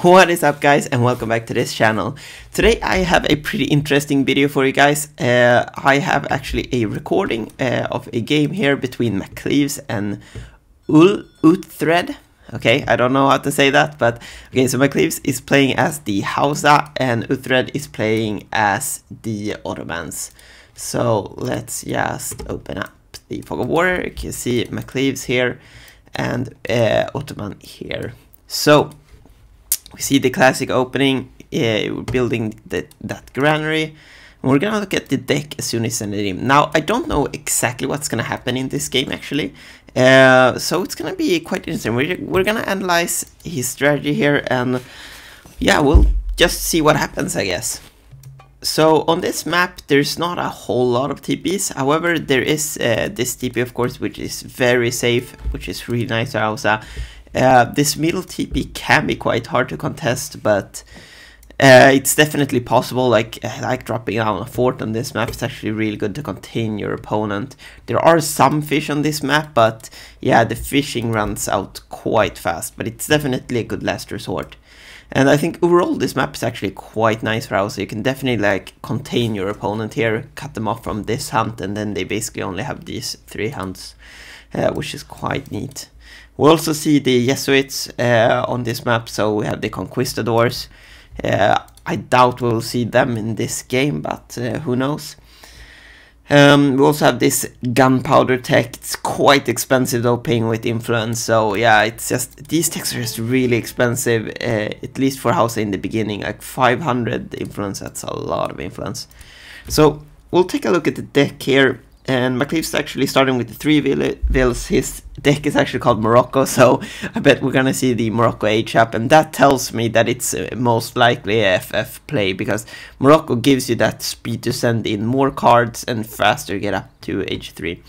What is up guys and welcome back to this channel. Today I have a pretty interesting video for you guys. Uh, I have actually a recording uh, of a game here between MacLeaves and Ul Uthred. Okay, I don't know how to say that, but okay, so MacLeaves is playing as the Hausa and Uthred is playing as the Ottomans. So let's just open up the Fog of War. You can see MacLeaves here and uh, Ottoman here. So we see the classic opening, yeah, building the, that granary. And we're gonna look at the deck as soon as I send it in. Now, I don't know exactly what's gonna happen in this game, actually. Uh, so it's gonna be quite interesting. We're, we're gonna analyze his strategy here, and yeah, we'll just see what happens, I guess. So on this map, there's not a whole lot of TPs. However, there is uh, this TP, of course, which is very safe, which is really nice to uh, this middle TP can be quite hard to contest, but uh, it's definitely possible. Like uh, like dropping down a fort on this map is actually really good to contain your opponent. There are some fish on this map, but yeah, the fishing runs out quite fast. But it's definitely a good last resort. And I think overall this map is actually quite nice for us. so you can definitely like contain your opponent here, cut them off from this hunt, and then they basically only have these three hunts, uh, which is quite neat. We also see the Jesuits uh, on this map, so we have the conquistadors. Uh, I doubt we'll see them in this game, but uh, who knows. Um, we also have this gunpowder tech. It's quite expensive though, paying with influence. So yeah, it's just these techs are just really expensive, uh, at least for house in the beginning. Like 500 influence, that's a lot of influence. So we'll take a look at the deck here and McLeaf's actually starting with the three villas. His deck is actually called Morocco, so I bet we're gonna see the Morocco H up, and that tells me that it's uh, most likely a FF play because Morocco gives you that speed to send in more cards and faster get up to H3.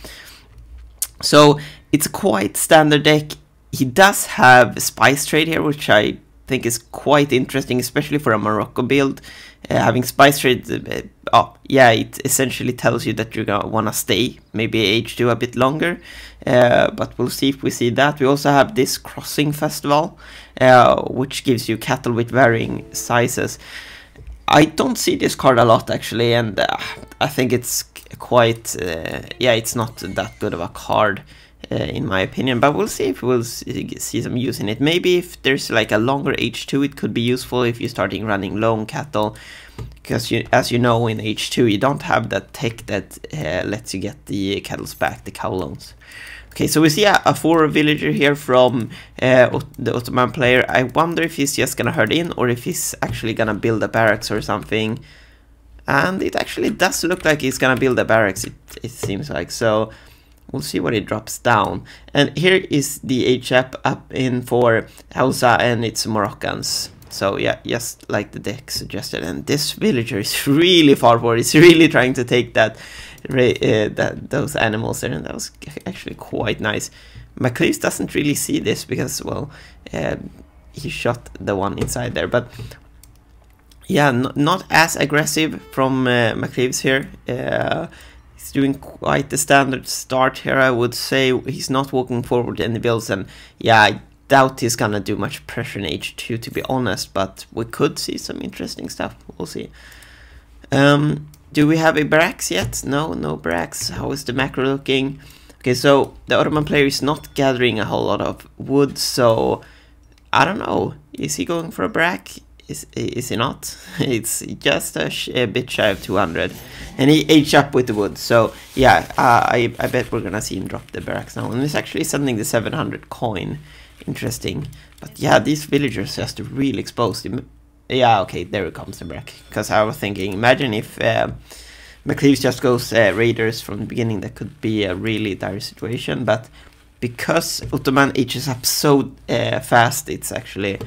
So it's quite standard deck. He does have Spice Trade here, which I think is quite interesting, especially for a Morocco build. Uh, having spice trade, uh, oh, yeah, it essentially tells you that you're gonna wanna stay maybe H2 a bit longer, uh, but we'll see if we see that. We also have this crossing festival, uh, which gives you cattle with varying sizes. I don't see this card a lot actually, and uh, I think it's quite, uh, yeah, it's not that good of a card uh, in my opinion. But we'll see if we'll see some use in it. Maybe if there's like a longer H2, it could be useful if you're starting running long cattle. Because you, as you know, in H2, you don't have that tech that uh, lets you get the cattle back, the cow loans. Okay, so we see a, a four villager here from uh, the Ottoman player. I wonder if he's just gonna herd in or if he's actually gonna build a barracks or something. And it actually does look like he's gonna build a barracks, it, it seems like. So We'll see what it drops down. And here is the HF up in for Hausa and its Moroccans. So yeah, just like the deck suggested. And this villager is really far forward. He's really trying to take that, uh, that those animals there. And that was actually quite nice. MacLeese doesn't really see this because, well, uh, he shot the one inside there. But yeah, not as aggressive from uh, McLeaves here. Uh, He's doing quite the standard start here, I would say. He's not walking forward any bills, and yeah, I doubt he's gonna do much pressure in H2, to be honest, but we could see some interesting stuff. We'll see. Um, do we have a Brax yet? No, no Brax. How is the macro looking? Okay, so the Ottoman player is not gathering a whole lot of wood, so I don't know. Is he going for a Brack? is is he not? It's just a, a, bit shy of 200, and he aged up with the wood. So yeah, uh, I I bet we're gonna see him drop the barracks now, and it's actually sending the 700 coin. Interesting, but yeah, these villagers just really expose him. Yeah, okay, there it comes the barrack. Because I was thinking, imagine if uh, just goes uh, raiders from the beginning. That could be a really dire situation, but because Ottoman ages up so uh, fast, it's actually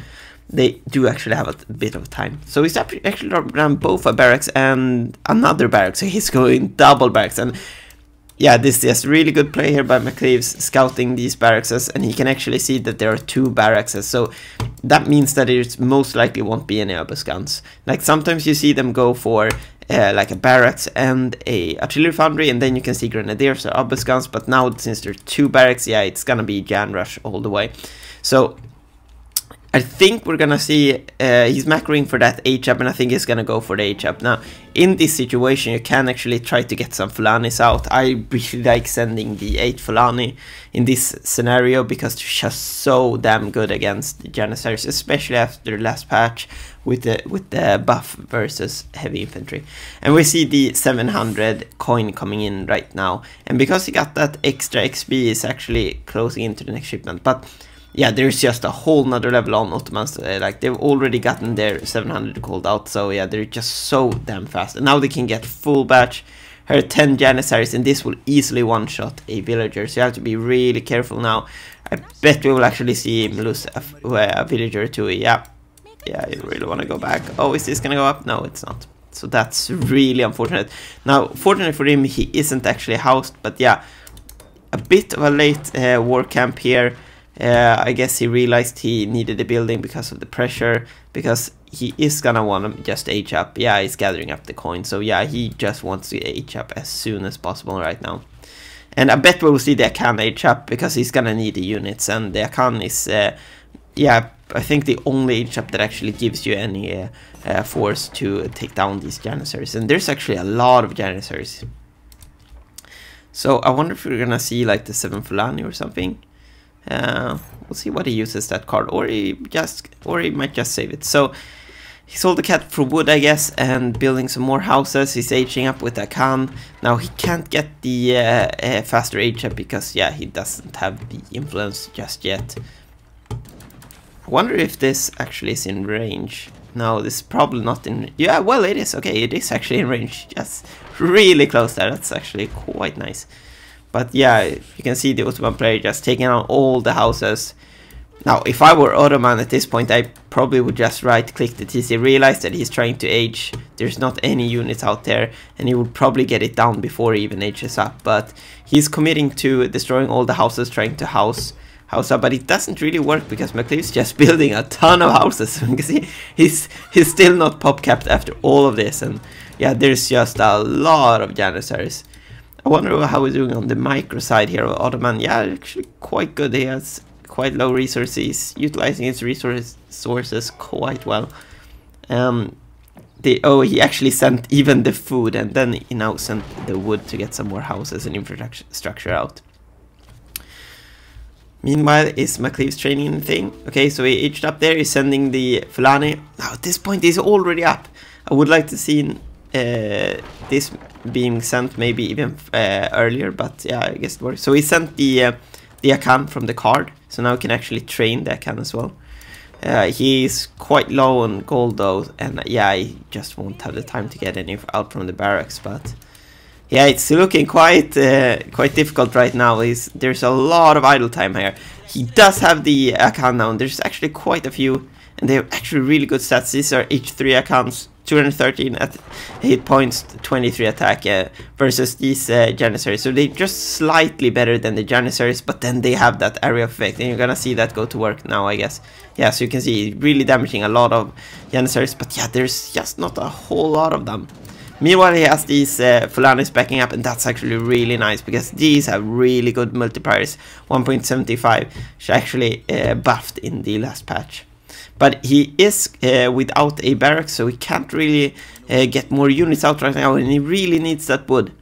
they do actually have a bit of time. So he's actually run both a barracks and another barracks, so he's going double barracks. And yeah, this is yes, really good play here by McLeaves, scouting these barracks, and he can actually see that there are two barracks, so that means that it most likely won't be any Airbus guns. Like, sometimes you see them go for uh, like a barracks and a artillery foundry, and then you can see grenadiers or Airbus guns, but now since there are two barracks, yeah, it's gonna be Jan Rush all the way. So I think we're gonna see uh, he's macroing for that up, and I think he's gonna go for the up Now, in this situation you can actually try to get some Fulanis out. I really like sending the 8 Fulani in this scenario because they're just so damn good against Janissaries, especially after the last patch with the with the buff versus heavy infantry. And we see the 700 coin coming in right now. And because he got that extra XP is actually closing into the next shipment. But yeah, there's just a whole nother level on Ottomans. Uh, like they've already gotten their 700 called out, so yeah, they're just so damn fast. And now they can get full batch. Her 10 Janissaries, and this will easily one-shot a villager, so you have to be really careful now. I bet we will actually see him lose a, uh, a villager too, yeah. Yeah, you really want to go back. Oh, is this gonna go up? No, it's not. So that's really unfortunate. Now, fortunately for him, he isn't actually housed, but yeah, a bit of a late uh, war camp here. Uh, I guess he realized he needed a building because of the pressure, because he is gonna want to just age up. Yeah, he's gathering up the coin, so yeah, he just wants to age up as soon as possible right now. And I bet we'll see the Akan age up, because he's gonna need the units, and the Akan is, uh, yeah, I think the only age up that actually gives you any uh, uh, force to take down these Janissaries, and there's actually a lot of Janissaries. So I wonder if we're gonna see like the 7 Fulani or something. Uh, we'll see what he uses that card, or he just, or he might just save it. So he sold the cat for wood, I guess, and building some more houses. He's aging up with can. Now he can't get the uh, uh, faster age up because, yeah, he doesn't have the influence just yet. I wonder if this actually is in range. No, this is probably not in... Yeah, well, it is. Okay, it is actually in range. Yes, really close there. That's actually quite nice. But yeah, you can see the Ottoman player just taking out all the houses. Now, if I were Ottoman at this point, I probably would just right-click the TC, realize that he's trying to age, there's not any units out there, and he would probably get it down before he even ages up, but he's committing to destroying all the houses, trying to house house up, but it doesn't really work because McLeave's just building a ton of houses, you can see he's, he's still not pop-capped after all of this, and yeah, there's just a lot of Janissaries. I wonder how we're doing on the micro side here of Ottoman. Yeah, actually quite good. He has quite low resources, utilizing his resource sources quite well. Um, the, oh, he actually sent even the food and then he now sent the wood to get some more houses and infrastructure out. Meanwhile, is MacLeave's training thing Okay, so he aged up there, he's sending the Fulani. Now, at this point, he's already up. I would like to see uh, this being sent maybe even uh, earlier, but yeah, I guess it works. So we sent the uh, the Akan from the card, so now we can actually train the Akan as well. Uh, he's quite low on gold though, and yeah, I just won't have the time to get any out from the barracks. But yeah, it's looking quite uh, quite difficult right now. He's, there's a lot of idle time here. He does have the account now, and there's actually quite a few and they have actually really good stats. These are H3 accounts, 213 at hit points, 23 attack uh, versus these uh, Janissaries. So they're just slightly better than the Janissaries, but then they have that area effect, and you're gonna see that go to work now, I guess. Yeah, so you can see really damaging a lot of Janissaries, but yeah, there's just not a whole lot of them. Meanwhile, he has these uh, Fulanis backing up, and that's actually really nice because these have really good multipliers, 1.75, which actually uh, buffed in the last patch. But he is uh, without a barrack, so he can't really uh, get more units out right now, and he really needs that wood.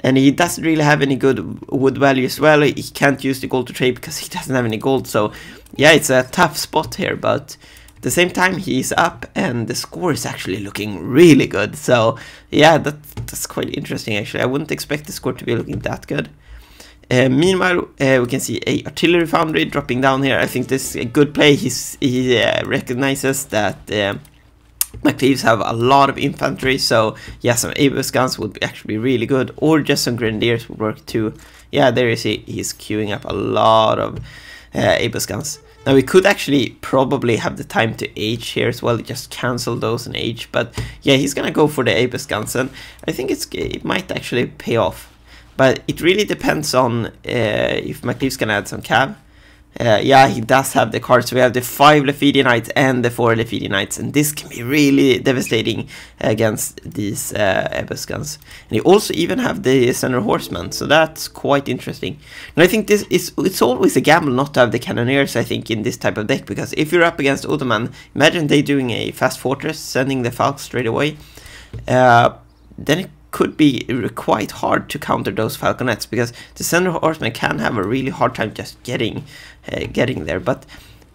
And he doesn't really have any good wood value as well. He can't use the gold to trade because he doesn't have any gold. So, yeah, it's a tough spot here. But at the same time, he's up, and the score is actually looking really good. So, yeah, that, that's quite interesting, actually. I wouldn't expect the score to be looking that good. Eh, meanwhile, eh, we can see a artillery foundry dropping down here. I think this is a good play. He's, he eh, recognizes that McLeaves have a lot of infantry, so yeah, some Abus guns would actually be really good, or just some Grenadiers would work too. Yeah, there is see he's queuing up a lot of uh, Abus guns. Now we could actually probably have the time to age here as well, just cancel those and age, but yeah, he's gonna go for the Abus guns, and I think it's it might actually pay off. But it really depends on uh, if McLeaf's gonna add some cav. Uh, yeah, he does have the cards. We have the 5 Lefidi Knights and the 4 Lefidi Knights, and this can be really devastating against these uh, Ebus guns. And you also even have the Center Horseman, so that's quite interesting. And I think this is it's always a gamble not to have the Cannoneers, I think, in this type of deck, because if you're up against Ottoman, imagine they doing a Fast Fortress, sending the Falcons straight away. Uh, then it could be quite hard to counter those Falconets because the Center Horseman can have a really hard time just getting uh, getting there. But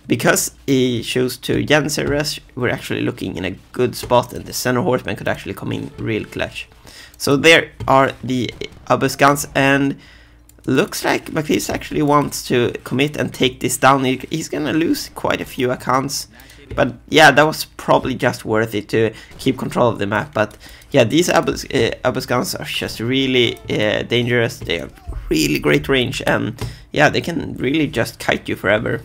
because he chose to Janser Rush, we're actually looking in a good spot and the Center Horseman could actually come in real clutch. So there are the Abus guns and looks like McPhee's actually wants to commit and take this down. He's gonna lose quite a few accounts but yeah, that was probably just worth it to keep control of the map. But yeah, these Abus, uh, Abus guns are just really uh, dangerous. They have really great range and yeah, they can really just kite you forever.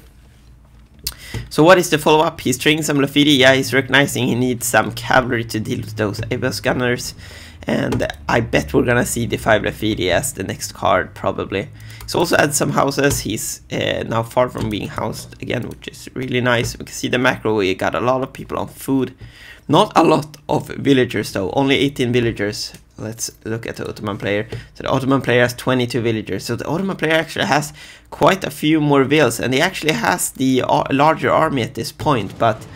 So what is the follow-up? He's training some Lafidi, yeah, he's recognizing he needs some cavalry to deal with those Abus gunners and I bet we're gonna see the 5 Rafidi as the next card probably. He's also had some houses, he's uh, now far from being housed again, which is really nice. We can see the macro, we got a lot of people on food. Not a lot of villagers though, only 18 villagers. Let's look at the Ottoman player. So the Ottoman player has 22 villagers. So the Ottoman player actually has quite a few more villas and he actually has the uh, larger army at this point, but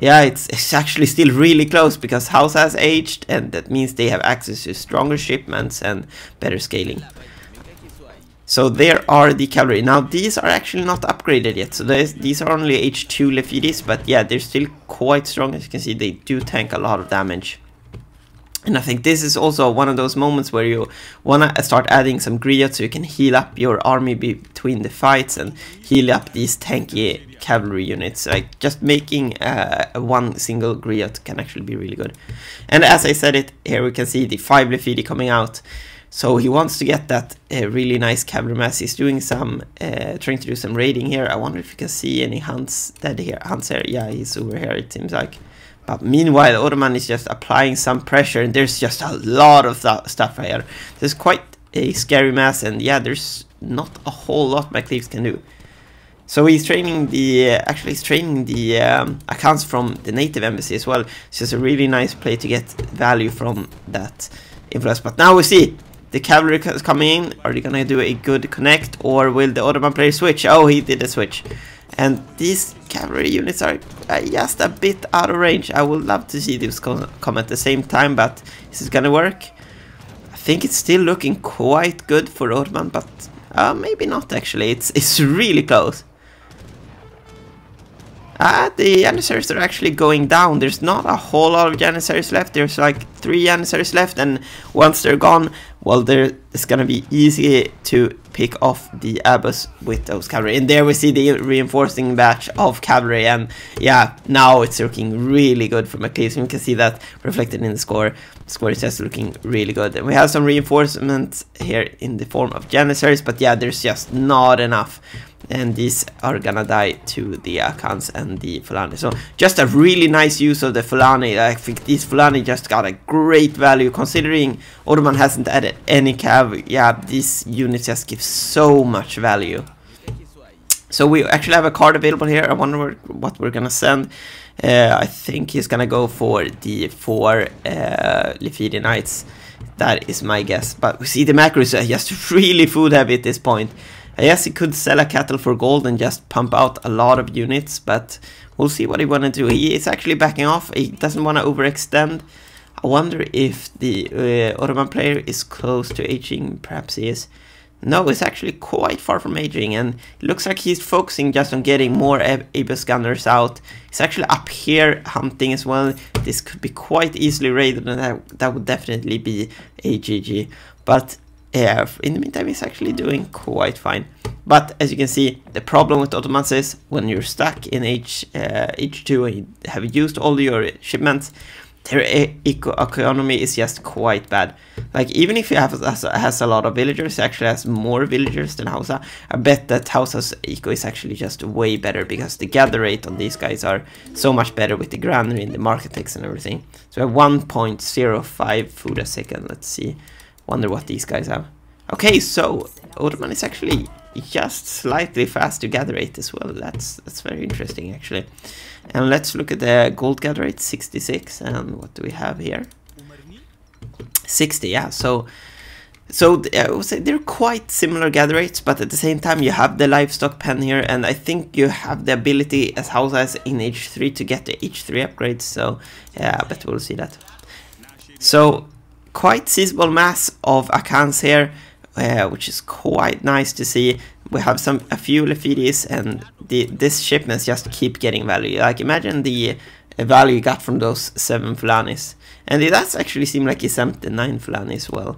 yeah, it's, it's actually still really close because House has aged and that means they have access to stronger shipments and better scaling. So there are the cavalry. Now these are actually not upgraded yet, so these are only H2 Lefidis, but yeah, they're still quite strong. As you can see, they do tank a lot of damage. And I think this is also one of those moments where you want to start adding some grit so you can heal up your army between the fights and heal up these tanky cavalry units. Like just making uh, one single griot can actually be really good. And as I said it, here we can see the 5 Lefidi coming out. So he wants to get that uh, really nice cavalry mass. He's doing some, uh, trying to do some raiding here. I wonder if you can see any Hans dead here. Hans here, yeah, he's over here it seems like. But meanwhile, Ottoman is just applying some pressure, and there's just a lot of stuff here. There's quite a scary mess, and yeah, there's not a whole lot my Cleaves can do. So he's training the uh, actually he's training the um, accounts from the native embassy as well. It's just a really nice play to get value from that influence. But now we see the cavalry is coming in. Are they gonna do a good connect or will the Ottoman player switch? Oh, he did a switch. And these cavalry units are uh, just a bit out of range. I would love to see these come at the same time, but is it gonna work? I think it's still looking quite good for Orban, but uh, maybe not actually. It's, it's really close. Uh, the Janissaries are actually going down. There's not a whole lot of Janissaries left. There's like three Janissaries left, and once they're gone, well, there it's gonna be easy to pick off the Abbas with those cavalry. And there we see the reinforcing batch of cavalry, and yeah, now it's looking really good for MacLeese. You can see that reflected in the score. The score is just looking really good. And we have some reinforcements here in the form of Janissaries, but yeah, there's just not enough and these are gonna die to the Akans and the Fulani. So just a really nice use of the Fulani. I think this Fulani just got a great value considering Ottoman hasn't added any cav. Yeah, these units just give so much value. So we actually have a card available here. I wonder what we're gonna send. Uh, I think he's gonna go for the four uh, Lefidi Knights. That is my guess. But we see the macros uh, are just really food heavy at this point. I guess he could sell a cattle for gold and just pump out a lot of units, but we'll see what he want to do. He is actually backing off. He doesn't want to overextend. I wonder if the uh, Ottoman player is close to aging. Perhaps he is. No, he's actually quite far from aging, and it looks like he's focusing just on getting more Abus gunners out. He's actually up here hunting as well. This could be quite easily raided, and that, that would definitely be a GG. But yeah, in the meantime, it's actually doing quite fine. But as you can see, the problem with Ottomans is when you're stuck in H, uh, H2 and you have used all your shipments, their e economy is just quite bad. Like, even if have has, has a lot of villagers, it actually has more villagers than Hausa. I bet that Hausa's eco is actually just way better because the gather rate on these guys are so much better with the granary and the market and everything. So we have 1.05 food a second, let's see. Wonder what these guys have. Okay, so Odoman is actually just slightly faster gather it as well. That's that's very interesting actually. And let's look at the gold gather 66 and what do we have here? 60, yeah. So so I would say they're quite similar gather rates, but at the same time you have the livestock pen here, and I think you have the ability as house as in H3 to get the H3 upgrades. So yeah, but we'll see that. So quite sizable mass of accounts here, uh, which is quite nice to see. We have some a few Lefidis and the this shipments just keep getting value. Like imagine the uh, value you got from those seven Fulanis. And it does actually seem like it sent the nine Fulani as well.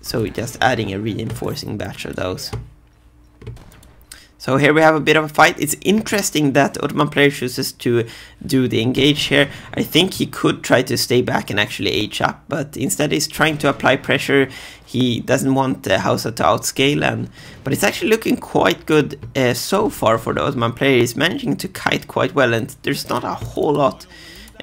So just adding a reinforcing batch of those. So here we have a bit of a fight. It's interesting that Ottoman player chooses to do the engage here. I think he could try to stay back and actually age up, but instead he's trying to apply pressure. He doesn't want uh, Hausa to outscale, and but it's actually looking quite good uh, so far for the Ottoman player. He's managing to kite quite well, and there's not a whole lot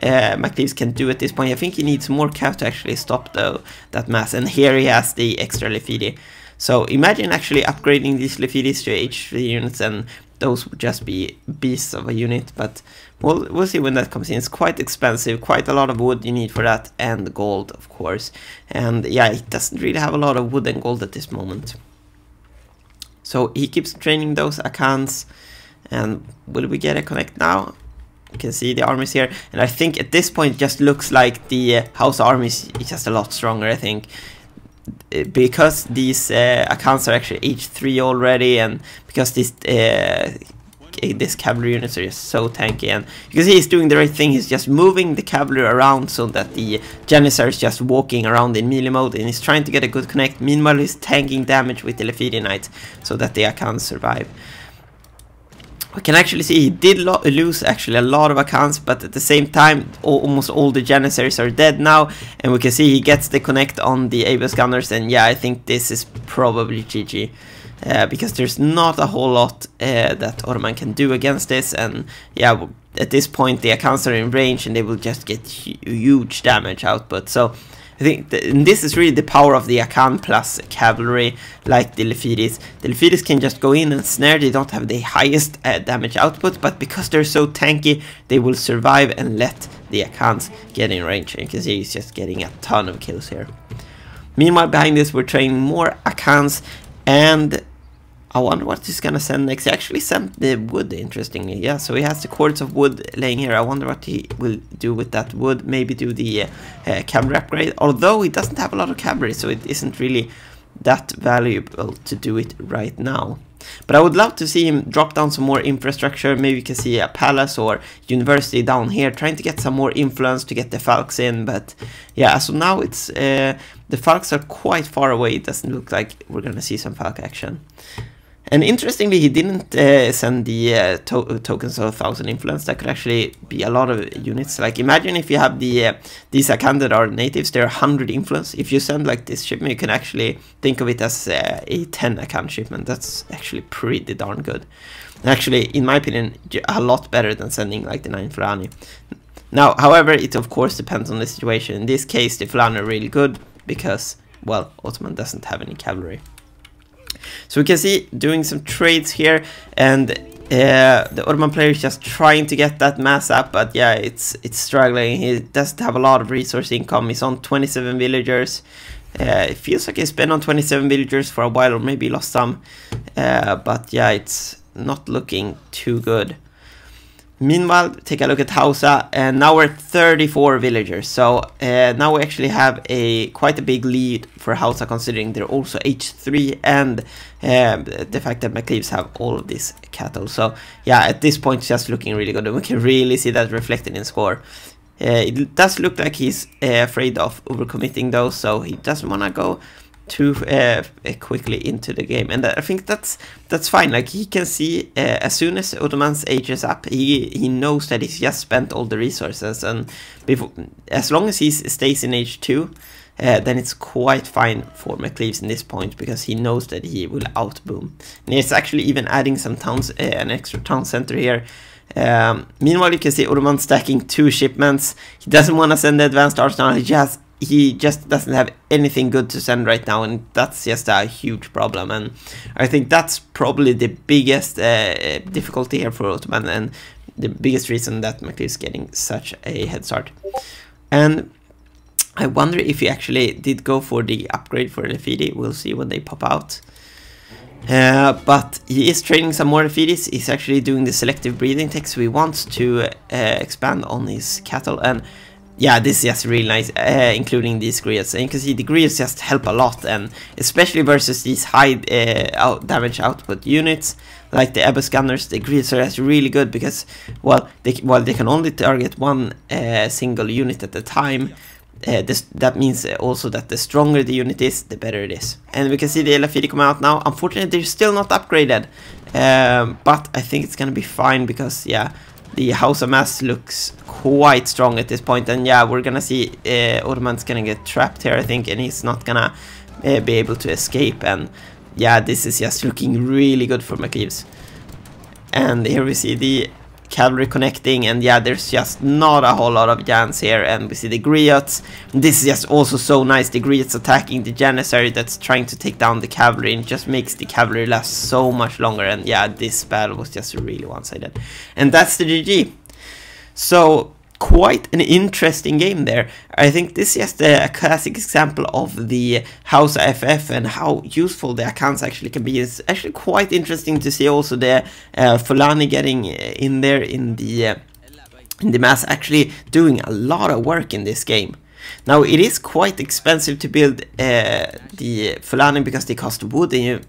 uh, can do at this point. I think he needs more cap to actually stop though that mass, and here he has the extra Lefidi. So imagine actually upgrading these Lefidis to H3 units and those would just be beasts of a unit, but we'll, we'll see when that comes in. It's quite expensive, quite a lot of wood you need for that, and gold, of course. And yeah, he doesn't really have a lot of wood and gold at this moment. So he keeps training those accounts, and will we get a connect now? You can see the armies here, and I think at this point just looks like the uh, House armies is just a lot stronger, I think because these uh, accounts are actually H3 already, and because this uh, this cavalry units are just so tanky, and you can see he's doing the right thing, he's just moving the cavalry around so that the Janissary is just walking around in melee mode, and he's trying to get a good connect, meanwhile he's tanking damage with the Lefidi Knights so that the accounts survive. We can actually see he did lo lose actually a lot of accounts, but at the same time, almost all the Janissaries are dead now, and we can see he gets the connect on the Abus Gunners, and yeah, I think this is probably GG. Uh, because there's not a whole lot uh, that Orman can do against this, and yeah, at this point the accounts are in range and they will just get huge damage output. So I think th this is really the power of the Akan plus cavalry like the The Delphides can just go in and snare, they don't have the highest uh, damage output, but because they're so tanky, they will survive and let the Akans get in range. And you can see he's just getting a ton of kills here. Meanwhile, behind this, we're training more Akans and I wonder what he's gonna send next. He actually sent the wood, interestingly. Yeah, so he has the cords of wood laying here. I wonder what he will do with that wood. Maybe do the uh, uh, cavalry upgrade. Although he doesn't have a lot of cavalry, so it isn't really that valuable to do it right now. But I would love to see him drop down some more infrastructure. Maybe you can see a palace or university down here, trying to get some more influence to get the Falks in. But yeah, so now it's uh, the Falks are quite far away. It doesn't look like we're gonna see some Falk action. And interestingly, he didn't uh, send the uh, to tokens of 1000 influence. That could actually be a lot of units. Like, imagine if you have the uh, these Akan that are natives, they're 100 influence. If you send like this shipment, you can actually think of it as uh, a 10 account shipment. That's actually pretty darn good. And actually, in my opinion, a lot better than sending like the 9 Fulani. Now, however, it of course depends on the situation. In this case, the Fulani are really good because, well, Ottoman doesn't have any cavalry. So we can see doing some trades here and uh, the Ottoman player is just trying to get that mass up, but yeah, it's it's struggling. He doesn't have a lot of resource income. He's on 27 villagers. Uh, it feels like he's been on 27 villagers for a while, or maybe lost some. Uh, but yeah, it's not looking too good. Meanwhile, take a look at Hausa, and now we're 34 villagers. So uh, now we actually have a quite a big lead for Hausa, considering they're also H3 and uh, the fact that MacLeaves have all of these cattle. So yeah, at this point, it's just looking really good, and we can really see that reflected in score. Uh, it does look like he's uh, afraid of overcommitting though, so he doesn't want to go too uh, eh, eh, quickly into the game, and uh, I think that's that's fine. Like he can see uh, as soon as Ottoman's age is up, he he knows that he's just spent all the resources, and before, as long as he stays in age two, uh, then it's quite fine for McLeaves in this point because he knows that he will outboom. And he's actually even adding some towns, an extra town center here. Um, meanwhile, you can see Ottoman stacking two shipments. He doesn't want to send the advanced arsenal, he just he just doesn't have anything good to send right now, and that's just a huge problem. And I think that's probably the biggest uh, difficulty here for Ottoman, and the biggest reason that McLeod is getting such a head start. And I wonder if he actually did go for the upgrade for Lefidi. We'll see when they pop out. Uh, but he is training some more Lefidis. He's actually doing the selective breeding takes. so he wants to uh, expand on his cattle. And yeah, this is just really nice, uh, including these grills. And you can see the grills just help a lot, and especially versus these high uh, out damage output units, like the Ebba Scanners, the grills are just really good because, well, they, well, they can only target one uh, single unit at a time. Uh, this, that means uh, also that the stronger the unit is, the better it is. And we can see the LFD come out now. Unfortunately, they're still not upgraded, um, but I think it's gonna be fine because, yeah, the House of Mass looks quite strong at this point, and yeah, we're gonna see uh, Ottoman's gonna get trapped here, I think, and he's not gonna uh, be able to escape, and yeah, this is just looking really good for McKeeves. And here we see the cavalry connecting and yeah there's just not a whole lot of Jans here and we see the Griots. This is just also so nice, the Griots attacking the Janissary that's trying to take down the cavalry and just makes the cavalry last so much longer and yeah this battle was just really one-sided. And that's the GG. So quite an interesting game there. I think this is just a, classic example of the House FF and how useful the accounts actually can be. It's actually quite interesting to see also the uh, Fulani getting uh, in there in the uh, in the mass actually doing a lot of work in this game. Now it is quite expensive to build uh, the Fulani because they cost wood and you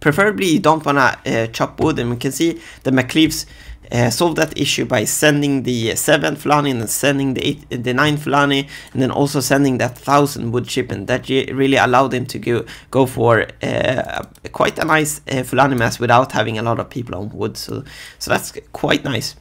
preferably you don't want to uh, chop wood and we can see the McLeaves uh, solve that issue by sending the seventh Lani and then sending the eight, the ninth Lani and then also sending that thousand wood chip and that really allowed him to go go for uh, quite a nice uh, Fulani mass without having a lot of people on wood so so that's quite nice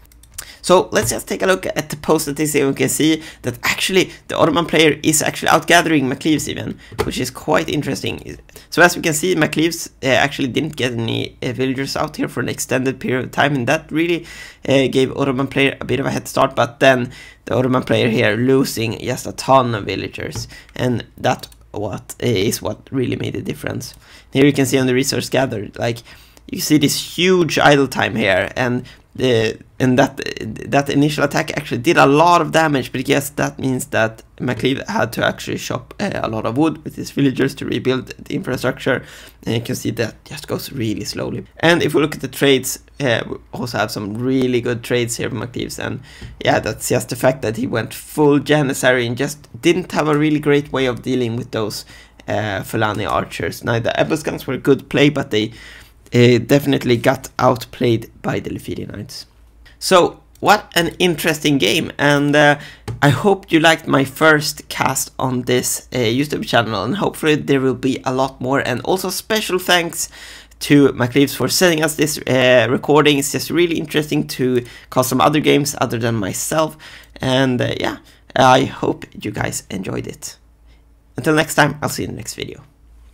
so let's just take a look at the post they and we can see that actually the Ottoman player is actually outgathering McLeaves even, which is quite interesting. So as we can see, McLeaves uh, actually didn't get any uh, villagers out here for an extended period of time and that really uh, gave Ottoman player a bit of a head start, but then the Ottoman player here losing just a ton of villagers and that what uh, is what really made the difference. Here you can see on the resource gathered, like you see this huge idle time here and uh, and that that initial attack actually did a lot of damage, but yes, that means that MacLeave had to actually chop uh, a lot of wood with his villagers to rebuild the infrastructure, and you can see that just goes really slowly. And if we look at the trades, uh, we also have some really good trades here from MacLeave's. and yeah, that's just the fact that he went full Janissary and just didn't have a really great way of dealing with those uh, Fulani archers. Now the Ebus guns were a good play, but they uh, definitely got outplayed by the Lifidianites. So what an interesting game and uh, I hope you liked my first cast on this uh, YouTube channel and hopefully there will be a lot more and also special thanks to MacLeaves for sending us this uh, recording. It's just really interesting to call some other games other than myself and uh, yeah, I hope you guys enjoyed it. Until next time, I'll see you in the next video.